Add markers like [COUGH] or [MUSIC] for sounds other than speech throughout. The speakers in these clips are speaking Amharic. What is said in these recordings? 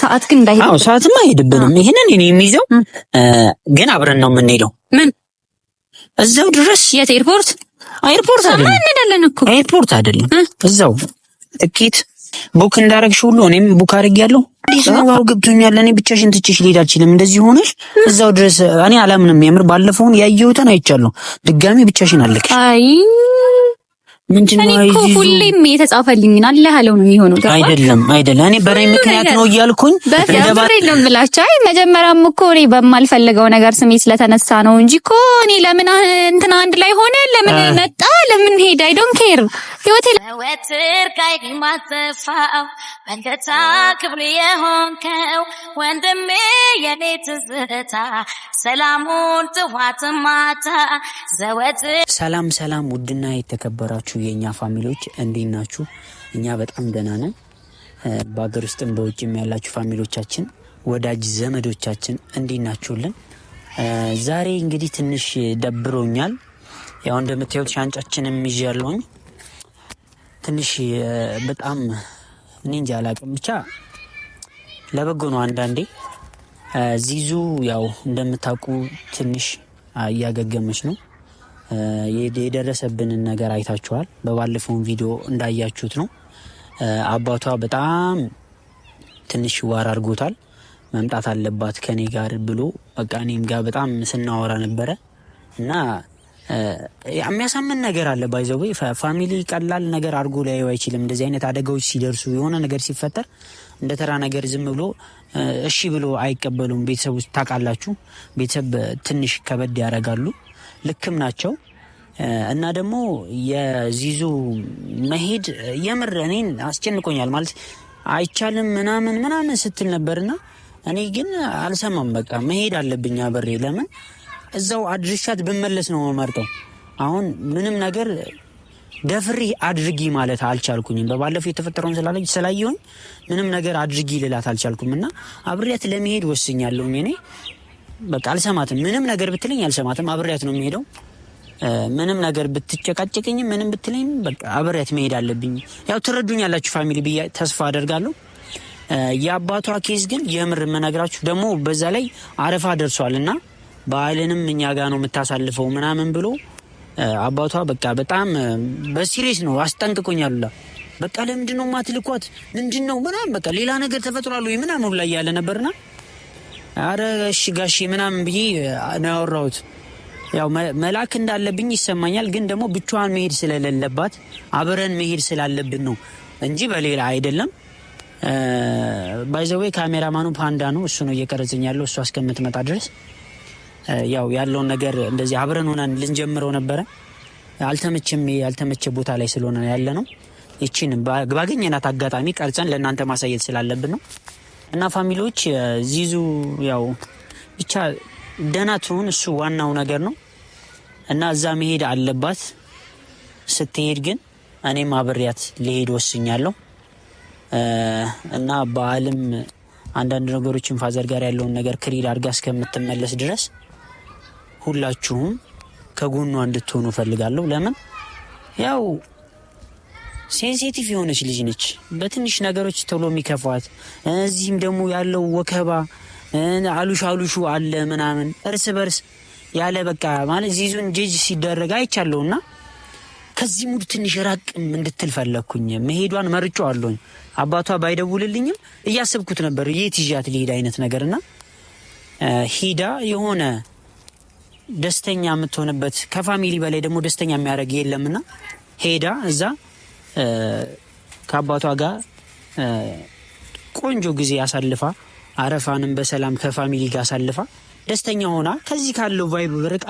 ሰዓት ግን እንዳይሄድ። አዎ ሰዓትም አይሄድብንም። ይሄንን እኔ የሚይዘው ግን አብረን ነው የምንሄደው። ምን እዛው ድረስ የት ኤርፖርት? ኤርፖርት አይደለም እንሄዳለን እኮ ኤርፖርት አይደለም። እዛው ትኬት ቡክ እንዳረግሽ ሁሉ እኔም ቡክ አድርጌያለሁ። አዲስ ነገሩ ገብቶኛል። እኔ ብቻሽን ትችሽ ልሄድ አልችልም። እንደዚህ ሆነሽ እዛው ድረስ እኔ አላምንም። የምር ባለፈውን ያየሁትን አይቻለሁ። ድጋሚ ብቻሽን አለቅሽ። አይ እኔ ሁሌም የተጻፈልኝን አለ ያለው ነው የሚሆነው። አይደለም አይደለም፣ እኔ በእኔ ምክንያት ነው እያልኩኝ ነው የምላቸው። አይ መጀመሪያም እኮ እኔ በማልፈልገው ነገር ስሜት ስለተነሳ ነው እንጂ እኮ እኔ ለምን እንትን አንድ ላይ ሆነ ለምን መጣ ስለምንሄድ አይ ዶንት ኬር ህይወቴ ወትር ካይ ማተፋው መንገታ ክብር የሆንከው ወንድሜ የኔ ትዝታ ሰላሙን ጥዋት ማታ ሰላም ሰላም። ውድና የተከበራችሁ የእኛ ፋሚሊዎች እንዴት ናችሁ? እኛ በጣም ደህና ነን። በሀገር ውስጥም በውጭም ያላችሁ ፋሚሊዎቻችን ወዳጅ ዘመዶቻችን እንዴት ናችሁልን? ዛሬ እንግዲህ ትንሽ ደብሮኛል ያው እንደምታዩት ሻንጫችንም ይዤ ያለውኝ ትንሽ በጣም እኔ እንጃ አላቅም፣ ብቻ ለበጎ ነው። አንዳንዴ ዚዙ ያው እንደምታውቁ ትንሽ እያገገመች ነው። የደረሰብንን ነገር አይታችኋል። በባለፈውን ቪዲዮ እንዳያችሁት ነው። አባቷ በጣም ትንሽ ዋር አድርጎታል። መምጣት አለባት ከኔ ጋር ብሎ በቃ እኔም ጋር በጣም ስናወራ ነበረ እና የሚያሳምን ነገር አለ። ባይዘዌ ፋሚሊ ቀላል ነገር አድርጎ ሊያየው አይችልም። እንደዚህ አይነት አደጋዎች ሲደርሱ የሆነ ነገር ሲፈጠር እንደ ተራ ነገር ዝም ብሎ እሺ ብሎ አይቀበሉም። ቤተሰብ ውስጥ ታውቃላችሁ፣ ቤተሰብ ትንሽ ከበድ ያደርጋሉ። ልክም ናቸው። እና ደግሞ የዚዙ መሄድ የምር እኔን አስጨንቆኛል። ማለት አይቻልም ምናምን ምናምን ስትል ነበርና እኔ ግን አልሰማም። በቃ መሄድ አለብኝ አብሬ ለምን እዛው አድርሻት ብመለስ ነው መርጠው። አሁን ምንም ነገር ደፍሪ አድርጊ ማለት አልቻልኩኝም። በባለፈው የተፈጠረውን ስላለች ስላየሁኝ ምንም ነገር አድርጊ ልላት አልቻልኩም እና አብሬያት ለመሄድ ወስኛለሁ። እኔ በቃ አልሰማትም። ምንም ነገር ብትለኝ አልሰማትም። አብሬያት ነው የሚሄደው። ምንም ነገር ብትጨቃጨቀኝም ምንም ብትለኝ በቃ አብሬያት መሄድ አለብኝ። ያው ትረዱኛላችሁ ፋሚሊ ብዬ ተስፋ አደርጋለሁ። የአባቷ ኬስ ግን የምር መነግራችሁ ደግሞ በዛ ላይ አረፋ ደርሷል እና ባህልንም እኛ ጋር ነው የምታሳልፈው ምናምን ብሎ አባቷ በቃ በጣም በሲሪየስ ነው አስጠንቅቆኛል። በቃ ለምንድን ነው ማትልኳት ምንድን ነው ምናምን በቃ ሌላ ነገር ተፈጥሯል ወይ ምናምን ላይ ያለ ነበርና አረ እሺ ጋሺ ምናምን ብዬ ነው ያወራሁት። ያው መላክ እንዳለብኝ ይሰማኛል፣ ግን ደግሞ ብቻዋን መሄድ ስለሌለባት አብረን መሄድ ስላለብን ነው እንጂ በሌላ አይደለም። ባይዘዌ ካሜራማኑ ፓንዳ ነው፣ እሱ ነው እየቀረጸኝ ያለው እሱ እስከምትመጣ ድረስ ያው ያለውን ነገር እንደዚህ አብረን ሆነን ልንጀምረው ነበረ። አልተመቸም። ያልተመቸ ቦታ ላይ ስለሆነ ያለ ነው። ይቺን ባገኘናት አጋጣሚ ቀርጸን ለእናንተ ማሳየት ስላለብን ነው። እና ፋሚሊዎች ዚዙ ያው ብቻ ደህና ትሁን፣ እሱ ዋናው ነገር ነው። እና እዛ መሄድ አለባት። ስትሄድ ግን እኔም አብሬያት ልሄድ ወስኛለሁ። እና በዓልም አንዳንድ ነገሮችን ፋዘር ጋር ያለውን ነገር ክሪድ አድርጋ እስከምትመለስ ድረስ ሁላችሁም ከጎኗ እንድትሆኑ እፈልጋለሁ። ለምን ያው ሴንሲቲቭ የሆነች ልጅ ነች። በትንሽ ነገሮች ቶሎ የሚከፋት እዚህም ደግሞ ያለው ወከባ አሉሽ አሉሹ አለ ምናምን እርስ በርስ ያለ በቃ ማለት ዚዙን ጅጅ ሲደረግ አይቻለሁ እና ከዚህ ሙድ ትንሽ ራቅም እንድትል ፈለግኩኝ። መሄዷን መርጮ አለኝ። አባቷ ባይደውልልኝም እያሰብኩት ነበር የት ይዣት ሊሄድ አይነት ነገር እና ሂዳ የሆነ ደስተኛ የምትሆንበት ከፋሚሊ በላይ ደግሞ ደስተኛ የሚያደርግ የለምና ሄዳ እዛ ከአባቷ ጋር ቆንጆ ጊዜ አሳልፋ አረፋንም በሰላም ከፋሚሊ ጋር አሳልፋ ደስተኛ ሆና ከዚህ ካለው ቫይብ ርቃ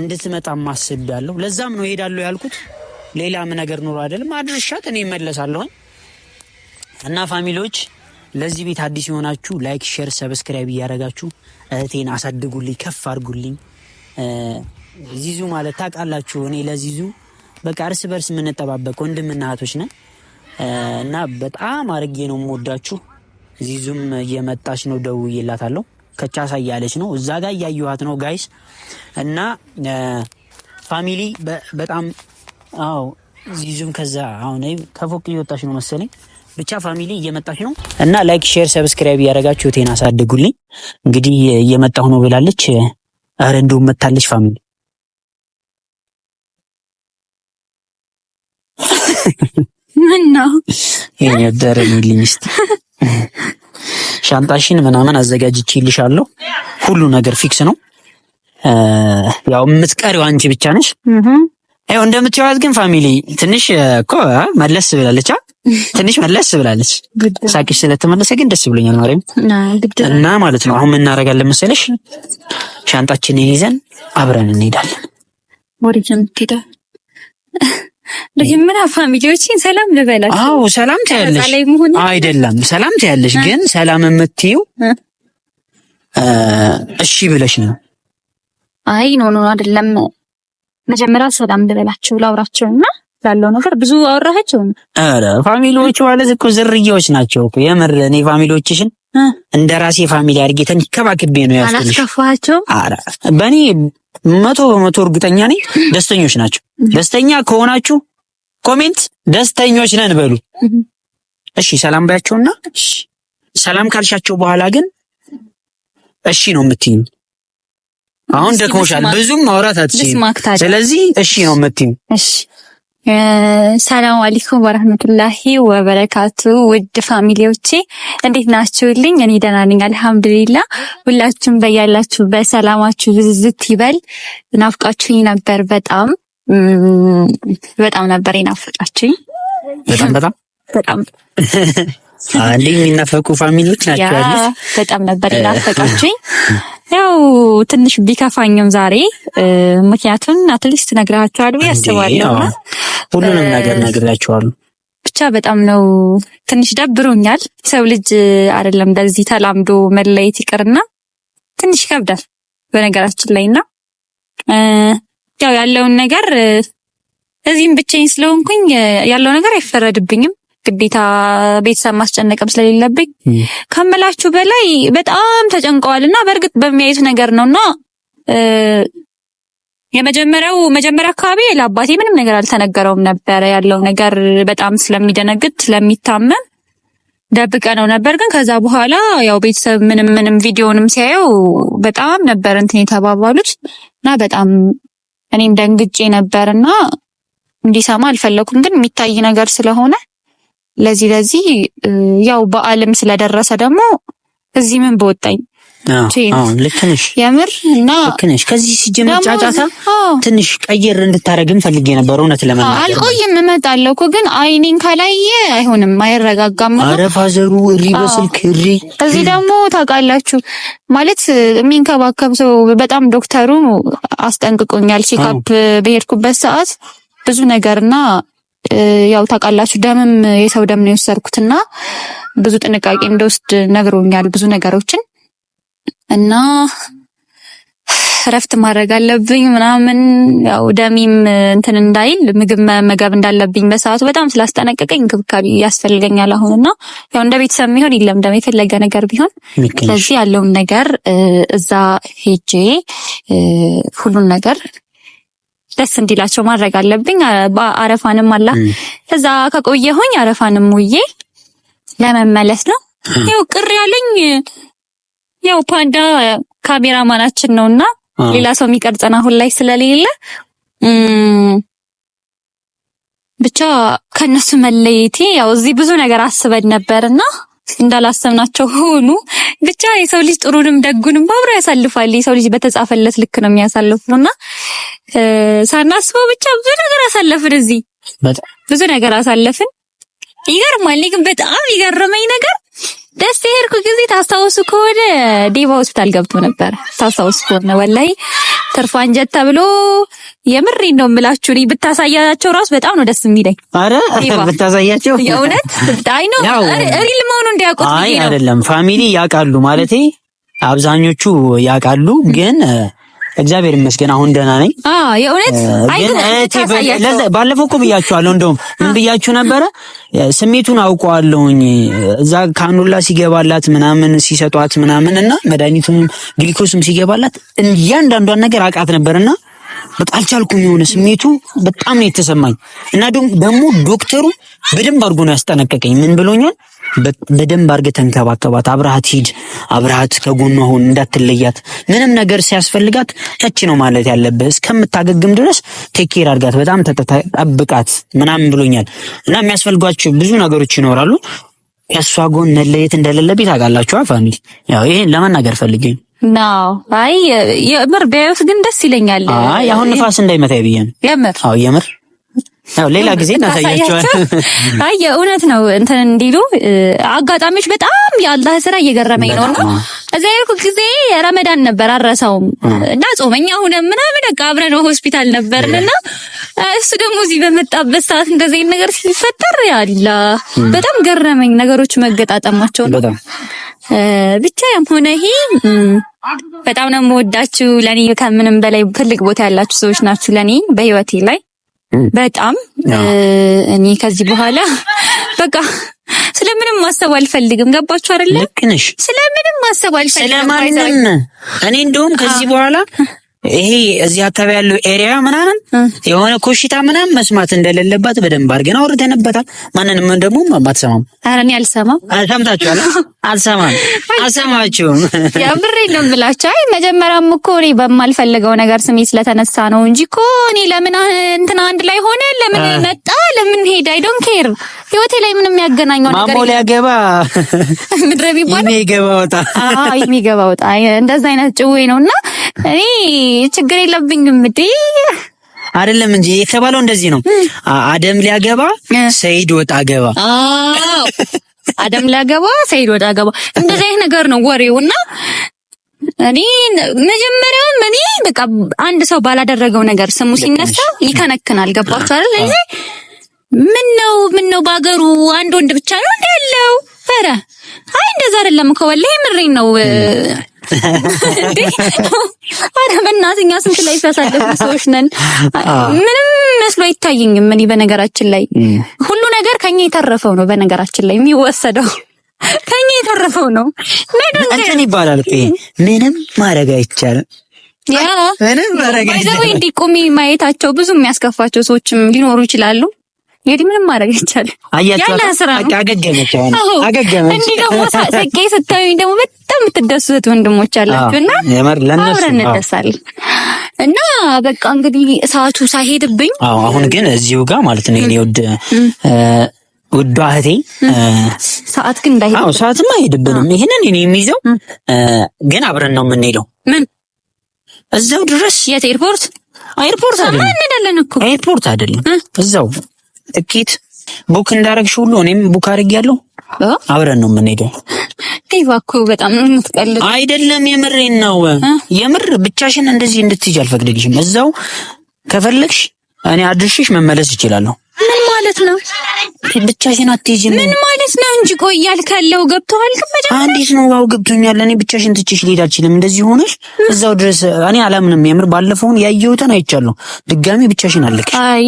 እንድትመጣ ማስብ ያለው ለዛም ነው ሄዳለሁ ያልኩት። ሌላም ነገር ኑሮ አይደለም አድርሻት እኔ እመለሳለሁኝ እና ፋሚሊዎች ለዚህ ቤት አዲስ የሆናችሁ ላይክ፣ ሼር፣ ሰብስክራይብ እያደረጋችሁ እህቴን አሳድጉልኝ፣ ከፍ አድርጉልኝ። ዚዙ ማለት ታውቃላችሁ፣ እኔ ለዚዙ በቃ እርስ በርስ የምንጠባበቅ ወንድምና እህቶች ነን እና በጣም አድርጌ ነው የምወዳችሁ። ዚዙም እየመጣች ነው፣ ደውዬላታለሁ። ከቻሳ እያለች ነው፣ እዛ ጋር እያየኋት ነው ጋይስ። እና ፋሚሊ በጣም አዎ፣ ዚዙም ከዛ አሁን ከፎቅ እየወጣች ነው መሰለኝ ብቻ ፋሚሊ እየመጣች ነው እና ላይክ፣ ሼር፣ ሰብስክራይብ እያደረጋችሁ ቴን አሳድጉልኝ። እንግዲህ እየመጣሁ ነው ብላለች። አረ እንደውም መታለች ፋሚሊ ምነው ሻንጣሽን ምናምን አዘጋጅቼልሻለሁ። ሁሉ ነገር ፊክስ ነው። ያው የምትቀሪው አንቺ ብቻ ነሽ። ይኸው እንደምትይዋት ግን ፋሚሊ ትንሽ እኮ መለስ ብላለች። ትንሽ መለስ ብላለች። ሳቅሽ ስለተመለሰ ግን ደስ ብሎኛል ማርያም እና ማለት ነው። አሁን ምን እናደርጋለን መሰለሽ? ሻንጣችንን ይዘን አብረን እንሄዳለን። ወሪጅን ትሄዳ መጀመሪያ ፋሚሊዎችን ሰላም ልበላችሁ። አዎ ሰላም ትያለሽ አይደለም? ሰላም ትያለሽ፣ ግን ሰላም የምትይው እሺ ብለሽ ነው። አይ ኖ ኖ አይደለም፣ መጀመሪያ ሰላም ልበላችሁ ላውራቸውና ላለው ነገር ብዙ አወራሃቸው። አረ ፋሚሊዎች ማለት እኮ ዝርያዎች ናቸው እኮ የምር። እኔ ፋሚሊዎችሽን እንደ ራሴ ፋሚሊ አድርጌ ተንከባክቤ ነው ያስኩልሽ። አላስከፋቸው። አረ በእኔ መቶ በመቶ እርግጠኛ ነኝ ደስተኞች ናቸው። ደስተኛ ከሆናችሁ ኮሜንት ደስተኞች ነን በሉ። እሺ ሰላም ባያቸውና ሰላም ካልሻቸው በኋላ ግን እሺ ነው የምትይኝ። አሁን ደክሞሻል፣ ብዙም ማውራት አትችይም። ስለዚህ እሺ ነው የምትይኝ። እሺ ሰላም አለይኩም ወራህመቱላሂ ወበረካቱ። ውድ ፋሚሊዎቼ እንዴት ናችሁልኝ? እኔ ደህና ነኝ አልሐምዱሊላህ። ሁላችሁም በያላችሁ በሰላማችሁ ብዝዝት ይበል። ናፍቃችሁኝ ነበር፣ በጣም በጣም ነበር የናፈቃችሁኝ። በጣም በጣም በጣም [LAUGHS] እንዴ የሚናፈቁ ፋሚሊዎች ናችሁ። ያሉት። በጣም ነበር የናፈቃችሁኝ። [LAUGHS] ያው ትንሽ ቢከፋኝም ዛሬ ምክንያቱም አትሊስት ነግራቸዋል ብዬ አስባለሁ። ሁሉንም ነገር ነግራቸዋል። ብቻ በጣም ነው ትንሽ ደብሮኛል። ሰው ልጅ አይደለም በዚህ ተላምዶ መለየት ይቅርና ትንሽ ይከብዳል በነገራችን ላይና ያው ያለውን ነገር እዚህም ብቻኝ ስለሆንኩኝ ያለው ነገር አይፈረድብኝም። ግዴታ ቤተሰብ ማስጨነቅም ስለሌለብኝ ከምላችሁ በላይ በጣም ተጨንቀዋል እና በእርግጥ በሚያዩት ነገር ነው እና የመጀመሪያው መጀመሪያ አካባቢ ለአባቴ ምንም ነገር አልተነገረውም ነበረ። ያለው ነገር በጣም ስለሚደነግጥ ስለሚታመም ደብቀ ነው ነበር። ግን ከዛ በኋላ ያው ቤተሰብ ምንም ምንም ቪዲዮንም ሲያየው በጣም ነበር እንትን የተባባሉት እና በጣም እኔም ደንግጬ ነበር እና እንዲሰማ አልፈለኩም። ግን የሚታይ ነገር ስለሆነ ለዚህ ለዚህ ያው በዓለም ስለደረሰ ደግሞ እዚህ ምን በወጣኝ ልክ ነሽ፣ የምር እና ልክ ነሽ። ከዚህ ሲጀምር ጫጫታ ትንሽ ቀየር እንድታረግም ፈልጌ ነበር እውነት ለመናገር። አልቆይም እመጣለሁ እኮ ግን አይኔን ካላየ አይሆንም፣ አይረጋጋም። ኧረ ፋዘሩ እሪ በስልክ እሪ። እዚህ ደግሞ ታውቃላችሁ ማለት የሚንከባከብ ሰው በጣም ዶክተሩ አስጠንቅቆኛል። ቼካፕ በሄድኩበት ሰዓት ብዙ ነገርና ያው ታውቃላችሁ ደምም የሰው ደም ነው የወሰድኩትና ብዙ ጥንቃቄ እንደወስድ ነግሮኛል፣ ብዙ ነገሮችን እና እረፍት ማድረግ አለብኝ ምናምን ያው ደሚም እንትን እንዳይል ምግብ መመገብ እንዳለብኝ በሰዓቱ በጣም ስላስጠነቀቀኝ እንክብካቤ ያስፈልገኛል። አሁንና ያው እንደ ቤተሰብ የሚሆን የለም ደም የፈለገ ነገር ቢሆን። ስለዚህ ያለውን ነገር እዛ ሄጄ ሁሉን ነገር ደስ እንዲላቸው ማድረግ አለብኝ። አረፋንም አላ ከዛ ከቆየሁኝ አረፋንም ውዬ ለመመለስ ነው። ያው ቅር ያለኝ ያው ፓንዳ ካሜራማናችን ነውና ሌላ ሰው የሚቀርጸን አሁን ላይ ስለሌለ ብቻ ከነሱ መለየቴ ያው እዚህ ብዙ ነገር አስበን ነበርና እንዳላሰብናቸው ሆኑ። ብቻ የሰው ልጅ ጥሩንም ደጉንም አብሮ ያሳልፋል። የሰው ልጅ በተጻፈለት ልክ ነው የሚያሳልፈው እና ሳናስበው ብቻ ብዙ ነገር አሳለፍን። እዚህ ብዙ ነገር አሳለፍን። ይገርማል። እኔ ግን በጣም የገረመኝ ነገር ደስ የሄድኩ ጊዜ ታስታውሱ ከሆነ ዴባ ሆስፒታል ገብቶ ነበር። ታስታውሱ ከሆነ ወላሂ ትርፏ አንጀት ተብሎ የምሪ ነው የምላችሁ። እኔ ብታሳያቸው ራሱ በጣም ነው ደስ የሚለኝ። አረ ብታሳያቸው የእውነት አይ ነው ሪል መሆኑ እንዲያውቁት ነው። አይ አይደለም ፋሚሊ ያውቃሉ ማለቴ አብዛኞቹ ያውቃሉ ግን እግዚአብሔር ይመስገን አሁን ደህና ነኝ። አዎ የእውነት ባለፈው እኮ ብያችኋለሁ። እንደውም ምን ብያችሁ ነበረ? ስሜቱን አውቀዋለሁኝ እዛ ካኑላ ሲገባላት ምናምን ሲሰጧት ምናምን እና መድኃኒቱም ግሊኮስም ሲገባላት እያንዳንዷን ነገር አውቃት ነበርና በቃ አልቻልኩም። የሆነ ስሜቱ በጣም ነው የተሰማኝ እና ደግሞ ዶክተሩ በደንብ አድርጎ ነው ያስጠነቀቀኝ። ምን ብሎኛል? በደንብ አድርገህ ተንከባከባት፣ አብረሃት ሂድ፣ አብረሃት ከጎኗ ሁን፣ እንዳትለያት። ምንም ነገር ሲያስፈልጋት እች ነው ማለት ያለብህ፣ እስከምታገግም ድረስ ቴኬር አድርጋት፣ በጣም ጠብቃት ምናምን ብሎኛል እና የሚያስፈልጓቸው ብዙ ነገሮች ይኖራሉ። ከእሷ ጎን መለየት እንደሌለብኝ ታውቃላችሁ ፋሚሊ። ያው ይሄን ለመናገር ፈልጌ ናው አይ የምር ቢያዩት ግን ደስ ይለኛል። አይ አሁን ንፋስ እንዳይመታ ብዬ ነው የምር። አዎ የምር ያው ሌላ ጊዜ እናሳያቸዋል። አይ የእውነት ነው እንትን እንዲሉ አጋጣሚዎች በጣም የአላህ ስራ እየገረመኝ ነው። እዛ ያልኩ ጊዜ ረመዳን ነበር አረሳውም እና ጾመኛ ሆነ ምናምን በቃ አብረን ሆስፒታል እና እሱ ደግሞ እዚህ በመጣበት ሰዓት እንደዚህ ነገር ሲፈጠር ያላ በጣም ገረመኝ ነገሮች መገጣጠማቸው ነው። ብቻ ያም ሆነ ይሄ በጣም ነው የምወዳችሁ። ለኔ ከምንም በላይ ትልቅ ቦታ ያላችሁ ሰዎች ናችሁ ለኔ በህይወቴ ላይ በጣም እኔ ከዚህ በኋላ በቃ ስለምንም ማሰብ አልፈልግም። ገባችሁ አይደለ? ልክ ነሽ። ስለምንም ማሰብ አልፈልግም። ስለማንም እኔ እንደውም ከዚህ በኋላ ይሄ እዚህ አካባቢ ያለው ኤሪያ ምናምን የሆነ ኮሽታ ምናምን መስማት እንደሌለባት በደንብ አድርገን አውርደንበታል። ማንንም ደግሞ አትሰማም። ኧረ እኔ አልሰማም። ሰምታችኋል? አልሰማም፣ [LAUGHS] አልሰማችሁም። [LAUGHS] የምሬ ነው የምላችሁ። አይ መጀመሪያም እኮ እኔ በማልፈልገው ነገር ስሜ ስለተነሳ ነው እንጂ እኮ እኔ ለምን እንትና አንድ ላይ ሆነ፣ ለምን መጣ፣ ለምን ሄድ አይ ዶንት ኬር። ህይወቴ ላይ ምንም የሚያገናኘው ነገር ማሞ ሊያገባ ምድረ ቢባል [LAUGHS] የሚገባ ወጣ፣ አይ የሚገባ ወጣ፣ እንደዛ አይነት ጭዌ ነው እና እኔ ችግር የለብኝም እንዴ አይደለም እንጂ የተባለው እንደዚህ ነው። አደም ሊያገባ ሰይድ ወጣ ገባ። አዎ አደም ሊያገባ ሰይድ ወጣ ገባ። እንደዚህ አይነት ነገር ነው ወሬውና እኔ መጀመሪያውም እኔ በቃ አንድ ሰው ባላደረገው ነገር ስሙ ሲነሳ ይከነክናል። ገባችሁ አይደል? እዚህ ምን ነው ምን ነው ባገሩ አንድ ወንድ ብቻ ነው እንደ ኧረ አይ እንደዛ አይደለም እኮ ወላሂ ምሬን ነው እንዴ አረ በእናትህ እኛ ስንት ላይ ያሳለፉ ሰዎች ነን። ምንም መስሎ አይታየኝም። እኔ በነገራችን ላይ ሁሉ ነገር ከኛ የተረፈው ነው። በነገራችን ላይ የሚወሰደው ከኛ የተረፈው ነው። ነገር እንትን ይባላል ምንም ማድረግ አይቻልም። ያ ምንም ማድረግ አይቻልም። እንዲህ ቆሜ ማየታቸው ብዙ የሚያስከፋቸው ሰዎችም ሊኖሩ ይችላሉ። እንግዲህ ምንም ማድረግ ይቻላል። ያለ ስራ አገገመች አገገመች። እንዲህ ደግሞ ስቄ ስታዩኝ ደግሞ በጣም የምትደሱት ወንድሞች አላችሁ እና አብረን እንደሳለን እና በቃ እንግዲህ ሰዓቱ ሳይሄድብኝ አሁን ግን እዚሁ ጋር ማለት ነው የኔ ውድ ውዷ እህቴ ሰዓት ግን እንዳይሄድ። አዎ ሰዓትም አይሄድብንም። ይሄንን እኔ የሚይዘው ግን አብረን ነው የምንሄደው። ምን እዛው ድረስ የት ኤርፖርት? ኤርፖርት አይደለም፣ ኤርፖርት አይደለም እዛው ትኬት ቡክ እንዳረግሽ ሁሉ እኔም ቡክ አድርጌያለሁ። አብረን ነው የምንሄደው። እባክህ በጣም ምትቀል አይደለም የምሬን ነው። የምር ብቻሽን እንደዚህ እንድትሄጂ አልፈቅድልሽም። እዛው ከፈለግሽ እኔ አድርሽሽ መመለስ እችላለሁ። ምን ማለት ነው? ብቻሽን አትሄጂም። ምን ማለት ነው እንጂ ቆይ ያልከለው ገብቶሃል? ከመጀመሪያ አንዲት ነው ዋው፣ ገብቶኛል። እኔ ብቻሽን ትችሽ ልሄድ አልችልም። እንደዚህ ሆነሽ እዛው ድረስ እኔ አላምንም። የምር ባለፈውን ያየሁትን አይቻለሁ። ድጋሚ ብቻሽን አለቅሽ። አይ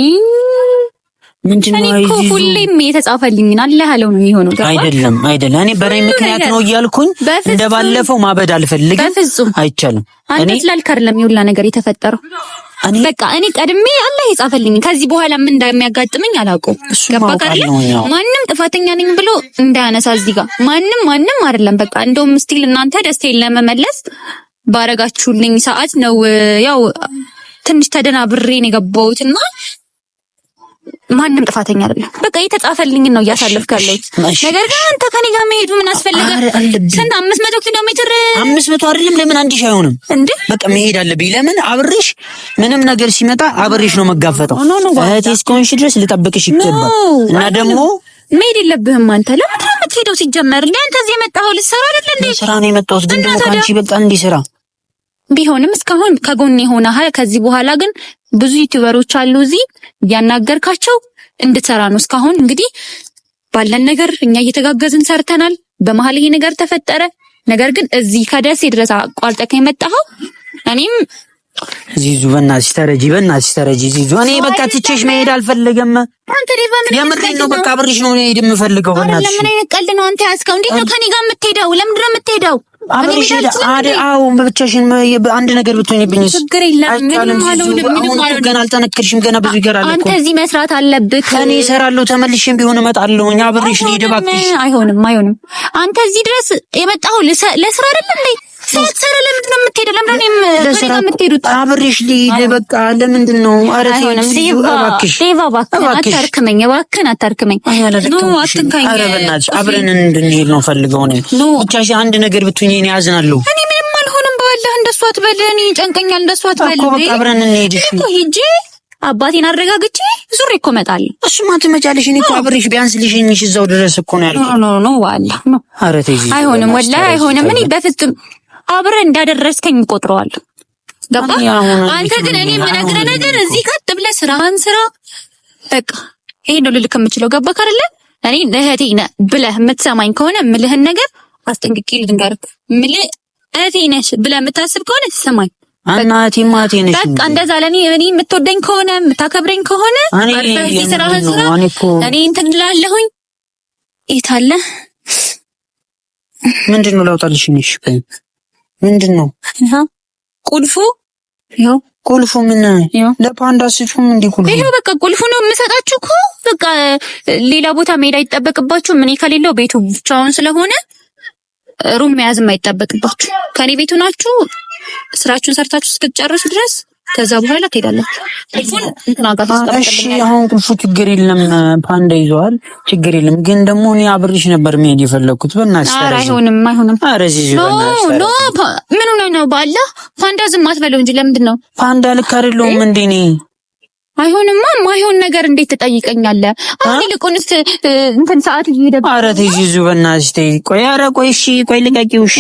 ሁሌም የተጻፈልኝን አለ ያለው ነው የሚሆነው። አይደለም አይደለም፣ እኔ በእኔ ምክንያት ነው እያልኩኝ እንደ ባለፈው ማበድ አልፈልግም። በፍጹም አይቻልም። አንተ ስላልክ አይደለም የሁላ ነገር የተፈጠረው። በቃ እኔ ቀድሜ አላህ የጻፈልኝ ከዚህ በኋላ ምን እንደሚያጋጥመኝ አላውቀውም። ገባህ አይደል? ማንም ጥፋተኛ ነኝ ብሎ እንዳያነሳ እዚህ ጋር ማንም ማንም አይደለም። በቃ እንደውም ስቲል እናንተ ደስታዬን ለመመለስ ባረጋችሁልኝ ሰዓት ነው ያው ትንሽ ተደናብሬ ነው የገባሁትና ማንም ጥፋተኛ አይደለም። በቃ የተጻፈልኝን ነው እያሳለፍክ ያለሁት ነገር ግን አንተ ከኔ ጋር መሄድ ምን አስፈልገ? ስንት አምስት መቶ ኪሎ ሜትር አምስት መቶ አይደለም። ለምን አንድ ሺህ አይሆንም እንዴ? በቃ መሄድ አለብኝ። ለምን አብሬሽ ምንም ነገር ሲመጣ አብሬሽ ነው መጋፈጠው። እህቴ እስከሆንሽ ድረስ ልጠብቅሽ ይገባል። እና ደግሞ መሄድ የለብህም አንተ። ለምን ትሄደው ሲጀመር እንዴ? አንተ እዚህ የመጣኸው ልትሰራ አይደል እንዴ? ስራ ነው የመጣሁት ግን ደግሞ ከአንቺ በቃ እንዲህ ስራ ቢሆንም እስካሁን ከጎን የሆነሃል። ከዚህ በኋላ ግን ብዙ ዩቲዩበሮች አሉ እዚህ እያናገርካቸው እንድሰራ ነው። እስካሁን እንግዲህ ባለን ነገር እኛ እየተጋገዝን ሰርተናል። በመሀል ይሄ ነገር ተፈጠረ። ነገር ግን እዚህ ከደሴ ድረስ አቋርጠህ የመጣኸው እኔም ዚዙ በእናትሽ ተረጂ፣ በእናትሽ ተረጂ ዚዙ። እኔ በቃ ትቼሽ መሄድ አልፈልግም። የምሬን ነው። በቃ ብርሽ ነው ሄድ የምፈልገው። በእናትሽ ለምን አይነት ቀልድ ነው አንተ ያዝከው? እንዴት ነው ከኔ ጋር የምትሄደው? ለምንድን ነው የምትሄደው? አሁን በብቻሽን አንድ ነገር ብትሆኝብኝ ችግር የለም። ገና አልጠነክርሽም። ገና ብዙ ይገራል። አንተ እዚህ መስራት አለብህ። እኔ እሰራለሁ። ተመልሼም ቢሆን እመጣለሁ። አብሬሽ ልሂድ። እባክሽ። አይሆንም፣ አይሆንም። አንተ እዚህ ድረስ የመጣሁ ለስራ አይደለም እንዴ? ሳትሰራ ለምንድን ነው የምትሄደው? ለምንድን ነው የምትሄዱት? አብሬሽ ልሂድ በቃ። ለምንድን ነው እባክሽ፣ አታርክመኝ፣ እባክህን አታርክመኝ። ኧረ በእናትሽ አብረን እንድንሄድ ነው ፈልገው ብቻሽ አንድ ነገር ብትሆኚ እኔ አዝናለሁ። እኔ ምንም አልሆንም። እንደሱ አትበል፣ እኔ እንደሱ አትበል እኮ በቃ አብረን እንሂድ እኮ ሂጂ አባቴን አረጋግጬ ዙር እኮ እመጣለሁ። እሱማ ትመጫለሽ። እኔ እኮ አብሬሽ ቢያንስ ልሽኝሽ እዛው ድረስ እኮ ነው ያልኩት። ኖ ኖ ኖ ዋላ አይሆንም፣ ወላሂ አይሆንም። እኔ በፍጹም አብረ እንዳደረስከኝ እቆጥረዋለሁ። ገባ? አንተ ግን እኔ የምነግርህ ነገር እዚህ ቀጥ ብለ ስራህን ስራ። በቃ ይሄ ነው ልልክ የምችለው። ገባህ አይደለ? እኔ እህቴ ነ ብለ የምትሰማኝ ከሆነ ምልህን ነገር አስጠንቅቄ ልንገርህ። ምል እህቴ ነሽ ብለ የምታስብ ከሆነ ትሰማኝ እናቴ ማቴ ነሽ። በቃ እንደዛ ለኔ እኔ የምትወደኝ ከሆነ የምታከብረኝ ከሆነ እኔ እንትን እላለሁኝ። የት አለ ምንድን ነው ላውጣልሽ? እሺ ምንድን ነው ቁልፉ? ቁልፉ። ምን ለፓንዳ ስጩም እንዴ ቁልፉ? ይኸው በቃ ቁልፉ ነው የምሰጣችሁ እኮ በቃ ሌላ ቦታ መሄድ አይጠበቅባችሁም። እኔ ከሌለው ቤቱ ብቻውን ስለሆነ ሩም መያዝም አይጠበቅባችሁ። ከኔ ቤቱ ናችሁ። ስራችሁን ሰርታችሁ እስክትጨርሱ ድረስ ከዛ በኋላ ትሄዳላችሁ። እሺ አሁን ቁልፉ ችግር የለም ፓንዳ ይዘዋል፣ ችግር የለም ግን ደግሞ እኔ አብሬሽ ነበር መሄድ የፈለግኩት። በእናትሽ አይሆንም፣ አይሆንም። ምን ሆነህ ነው? ባለ ፓንዳ ዝም አትበለው እንጂ ለምንድን ነው ፓንዳ? ልክ አይደለሁም እንዴ እኔ? አይሆንማ ማይሆን ነገር እንዴት ትጠይቀኛለህ? አሁን ይልቁንስ እንትን ሰዓት ይሄደብ። አረ ተይዙ በእናትሽ ተይ። ቆይ ኧረ ቆይ እሺ ቆይ ልቀቂው እሺ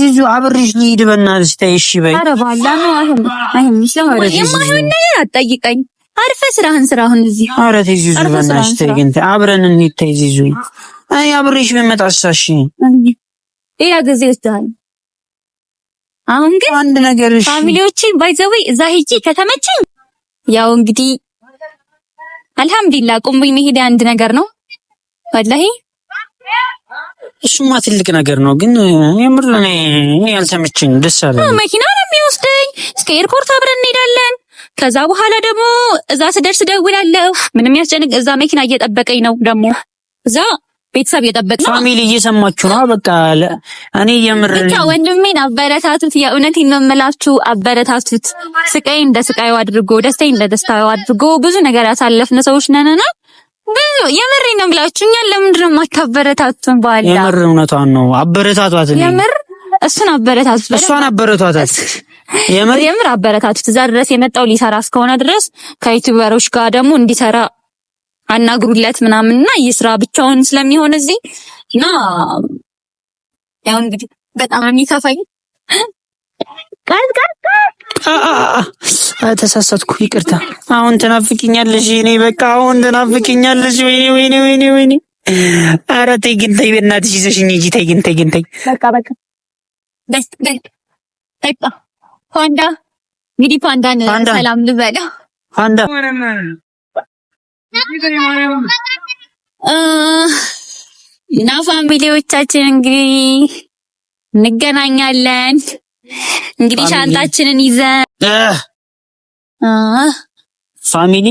ዚዙ አብሬሽ ልሂድ በእናትሽ ተይ እሺ በይ። ኧረ ነው አሁን የማይሆን ነገር አትጠይቀኝ። አርፈ ስራህን ስራ አሁን እዚህ። ኧረ ተይ ዚዙ በእናትሽ ተይ፣ ግን አብረን እንሂድ ተይ ዚዙ። አይ አብሬሽ ብመጣ ሌላ ጊዜ ወስደሃል። አሁን ግን አንድ ነገር እሺ፣ ፋሚሊዎችን እዛ ሂጂ ከተመቸኝ ያው እንግዲህ አልሐምዱሊላህ ቁምብኝ መሄድ አንድ ነገር ነው ወላሂ እሱማ ትልቅ ነገር ነው፣ ግን የምር እኔ ያልተመቸኝ ደስ አለ። መኪና ነው የሚወስደኝ። እስከ ኤርፖርት አብረን እንሄዳለን። ከዛ በኋላ ደግሞ እዛ ስደርስ ደውላለሁ። ምንም ያስጨንቅ፣ እዛ መኪና እየጠበቀኝ ነው። ደግሞ እዛ ቤተሰብ እየጠበቀ ነው። ፋሚሊ እየሰማችሁ ነው። በቃ እኔ የምር ብቻ ወንድሜን አበረታቱት። የእውነቴን ነው የምላችሁ፣ አበረታቱት። ስቃይ እንደ ስቃዩ አድርጎ፣ ደስታዬ እንደ ደስታዩ አድርጎ ብዙ ነገር ያሳለፍን ሰዎች ነንና ብዙ የምር ነው ብላችሁ እኛን ለምንድን ነው የማታበረታቱን? ባላ የምር እውነቷን ነው። አበረታቷት። የምር እሱን አበረታቱት። እሷን አበረታቷት። የምር የምር አበረታቱት። እዛ ድረስ የመጣው ሊሰራ እስከሆነ ድረስ ከዩቲዩበሮች ጋር ደግሞ እንዲሰራ አናግሩለት ምናምንና ይስራ ብቻውን ስለሚሆን እዚህ እና ያው እንግዲህ በጣም የሚከፋኝ ተሳሳትኩ፣ ይቅርታ። አሁን ትናፍቅኛለሽ እኔ በቃ አሁን ትናፍቅኛለሽ። ወይኔ ወይኔ ወይኔ ወይኔ። ኧረ ተይ ግን ተይ፣ በእናትሽ ይዘሽኝ ሂጂ። ተይ ግን ተይ ግን ተይ። በቃ በቃ በቃ። ፓንዳ እንግዲህ ፓንዳን ሰላም ልበለው። ፓንዳ እና ፋሚሊዎቻችን እንግዲህ እንገናኛለን። እንግዲህ ሻንጣችንን ይዘን ፋሚሊ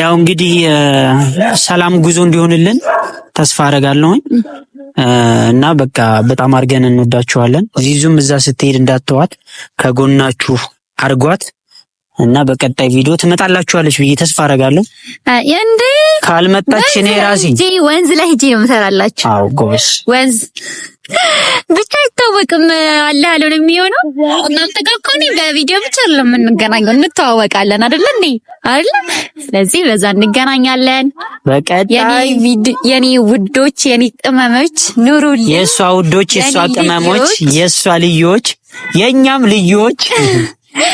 ያው እንግዲህ ሰላም ጉዞ እንዲሆንልን ተስፋ አደርጋለሁኝ እና በቃ በጣም አድርገን እንወዳችኋለን። ዚዙም እዛ ስትሄድ እንዳትተዋት ከጎናችሁ አድርጓት እና በቀጣይ ቪዲዮ ትመጣላችኋለች ብዬ ተስፋ አደርጋለሁ። እንዴ ካልመጣች እኔ ራሴ ወንዝ ላይ ሂጄ ነው የምሰራላችሁ። አዎ ጎበስ ወንዝ ብቻ አይታወቅም። አለ ያለው ነው የሚሆነው። እናንተ ጋር እኮ እኔ በቪዲዮ ብቻ አይደለም የምንገናኘው፣ እንተዋወቃለን አይደል እንዴ? አይደል? ስለዚህ በዛ እንገናኛለን። በቀጣይ የኔ ውዶች፣ የኔ ቅመሞች ኑሩልኝ። የእሷ ውዶች፣ የእሷ ቅመሞች፣ የእሷ ልዮች፣ የእኛም ልዮች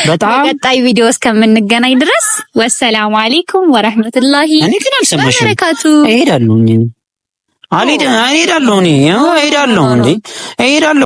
በጣም በቀጣይ ቪዲዮ እስከምንገናኝ ድረስ ወሰላሙ አሌይኩም ወራህመቱላሂ ወበረካቱ። ግን አልሄድም። እሄዳለሁ እኔ እሄዳለሁ እንዴ እሄዳለሁ